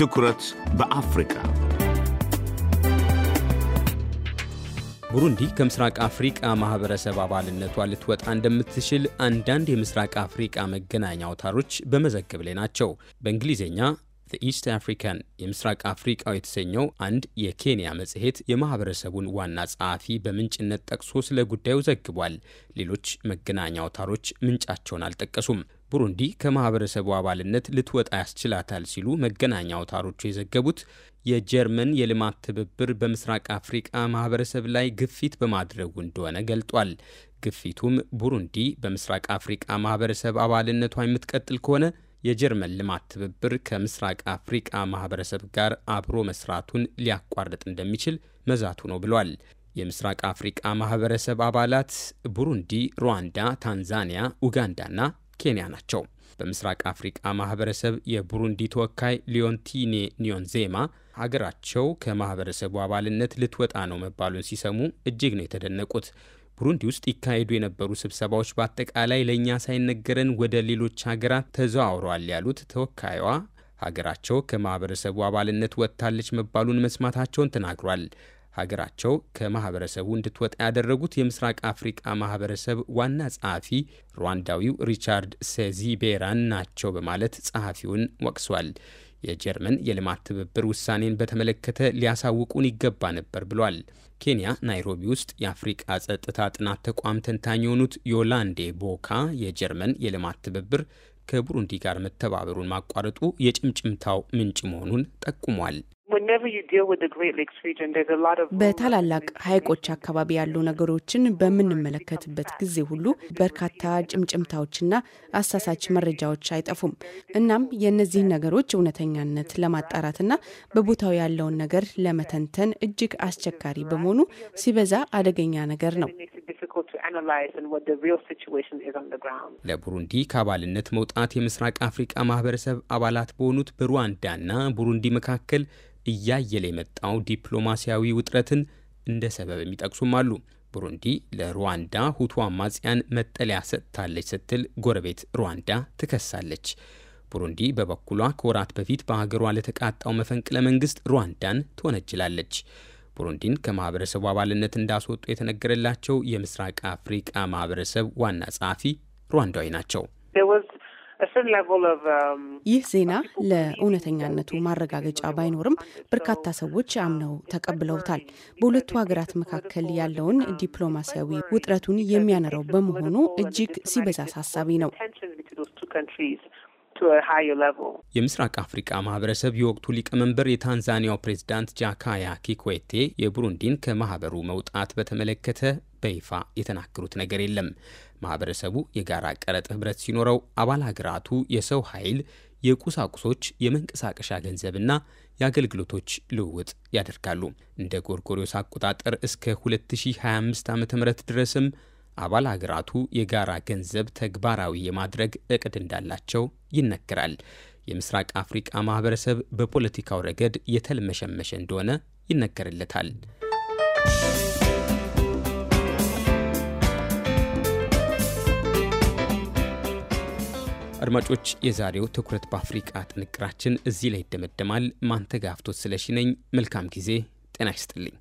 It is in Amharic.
ትኩረት በአፍሪካ ቡሩንዲ ከምስራቅ አፍሪቃ ማህበረሰብ አባልነቷ ልትወጣ እንደምትችል አንዳንድ የምስራቅ አፍሪቃ መገናኛ አውታሮች በመዘገብ ላይ ናቸው። በእንግሊዝኛ ኢስት አፍሪካን የምስራቅ አፍሪቃው የተሰኘው አንድ የኬንያ መጽሔት የማህበረሰቡን ዋና ጸሐፊ በምንጭነት ጠቅሶ ስለ ጉዳዩ ዘግቧል። ሌሎች መገናኛ አውታሮች ምንጫቸውን አልጠቀሱም። ቡሩንዲ ከማህበረሰቡ አባልነት ልትወጣ ያስችላታል ሲሉ መገናኛ አውታሮቹ የዘገቡት የጀርመን የልማት ትብብር በምስራቅ አፍሪቃ ማህበረሰብ ላይ ግፊት በማድረጉ እንደሆነ ገልጧል። ግፊቱም ቡሩንዲ በምስራቅ አፍሪቃ ማህበረሰብ አባልነቷ የምትቀጥል ከሆነ የጀርመን ልማት ትብብር ከምስራቅ አፍሪቃ ማህበረሰብ ጋር አብሮ መስራቱን ሊያቋርጥ እንደሚችል መዛቱ ነው ብሏል። የምስራቅ አፍሪቃ ማህበረሰብ አባላት ቡሩንዲ፣ ሩዋንዳ፣ ታንዛኒያ፣ ኡጋንዳና ኬንያ ናቸው። በምስራቅ አፍሪቃ ማህበረሰብ የቡሩንዲ ተወካይ ሊዮንቲኔ ኒዮንዜማ ሀገራቸው ከማህበረሰቡ አባልነት ልትወጣ ነው መባሉን ሲሰሙ እጅግ ነው የተደነቁት። ቡሩንዲ ውስጥ ይካሄዱ የነበሩ ስብሰባዎች በአጠቃላይ ለእኛ ሳይነገረን ወደ ሌሎች ሀገራት ተዘዋውረዋል ያሉት ተወካይዋ ሀገራቸው ከማህበረሰቡ አባልነት ወጥታለች መባሉን መስማታቸውን ተናግሯል። ሀገራቸው ከማህበረሰቡ እንድትወጣ ያደረጉት የምስራቅ አፍሪቃ ማህበረሰብ ዋና ጸሐፊ ሩዋንዳዊው ሪቻርድ ሴዚቤራን ናቸው በማለት ጸሐፊውን ወቅሷል። የጀርመን የልማት ትብብር ውሳኔን በተመለከተ ሊያሳውቁን ይገባ ነበር ብሏል። ኬንያ ናይሮቢ ውስጥ የአፍሪቃ ጸጥታ ጥናት ተቋም ተንታኝ የሆኑት ዮላንዴ ቦካ የጀርመን የልማት ትብብር ከቡሩንዲ ጋር መተባበሩን ማቋረጡ የጭምጭምታው ምንጭ መሆኑን ጠቁሟል። በታላላቅ ሐይቆች አካባቢ ያሉ ነገሮችን በምንመለከትበት ጊዜ ሁሉ በርካታ ጭምጭምታዎችና አሳሳች መረጃዎች አይጠፉም። እናም የእነዚህን ነገሮች እውነተኛነት ለማጣራትና በቦታው ያለውን ነገር ለመተንተን እጅግ አስቸጋሪ በመሆኑ ሲበዛ አደገኛ ነገር ነው። ለቡሩንዲ ከአባልነት መውጣት የምስራቅ አፍሪቃ ማህበረሰብ አባላት በሆኑት በሩዋንዳና ቡሩንዲ መካከል እያየለ የመጣው ዲፕሎማሲያዊ ውጥረትን እንደ ሰበብ የሚጠቅሱም አሉ። ቡሩንዲ ለሩዋንዳ ሁቱ አማጽያን መጠለያ ሰጥታለች ስትል ጎረቤት ሩዋንዳ ትከሳለች። ቡሩንዲ በበኩሏ ከወራት በፊት በሀገሯ ለተቃጣው መፈንቅለ መንግስት ሩዋንዳን ትወነጅላለች። ቡሩንዲን ከማህበረሰቡ አባልነት እንዳስወጡ የተነገረላቸው የምስራቅ አፍሪቃ ማህበረሰብ ዋና ጸሐፊ ሩዋንዳዊ ናቸው። um, ይህ ዜና ለእውነተኛነቱ ማረጋገጫ ባይኖርም በርካታ ሰዎች አምነው ተቀብለውታል። በሁለቱ ሀገራት መካከል ያለውን ዲፕሎማሲያዊ ውጥረቱን የሚያነረው በመሆኑ እጅግ ሲበዛ አሳሳቢ ነው። የምስራቅ አፍሪቃ ማህበረሰብ የወቅቱ ሊቀመንበር የታንዛኒያው ፕሬዝዳንት ጃካያ ኪኮቴ የቡሩንዲን ከማህበሩ መውጣት በተመለከተ በይፋ የተናገሩት ነገር የለም። ማህበረሰቡ የጋራ ቀረጥ ህብረት ሲኖረው አባል ሀገራቱ የሰው ኃይል፣ የቁሳቁሶች፣ የመንቀሳቀሻ ገንዘብና የአገልግሎቶች ልውውጥ ያደርጋሉ። እንደ ጎርጎሪዮስ አቆጣጠር እስከ 2025 ዓ ም ድረስም አባል ሀገራቱ የጋራ ገንዘብ ተግባራዊ የማድረግ እቅድ እንዳላቸው ይነገራል። የምስራቅ አፍሪቃ ማህበረሰብ በፖለቲካው ረገድ የተልመሸመሸ እንደሆነ ይነገርለታል። አድማጮች፣ የዛሬው ትኩረት በአፍሪቃ ጥንቅራችን እዚህ ላይ ይደመደማል። ማንተጋፍቶት ስለሺ ነኝ። መልካም ጊዜ። ጤና ይስጥልኝ።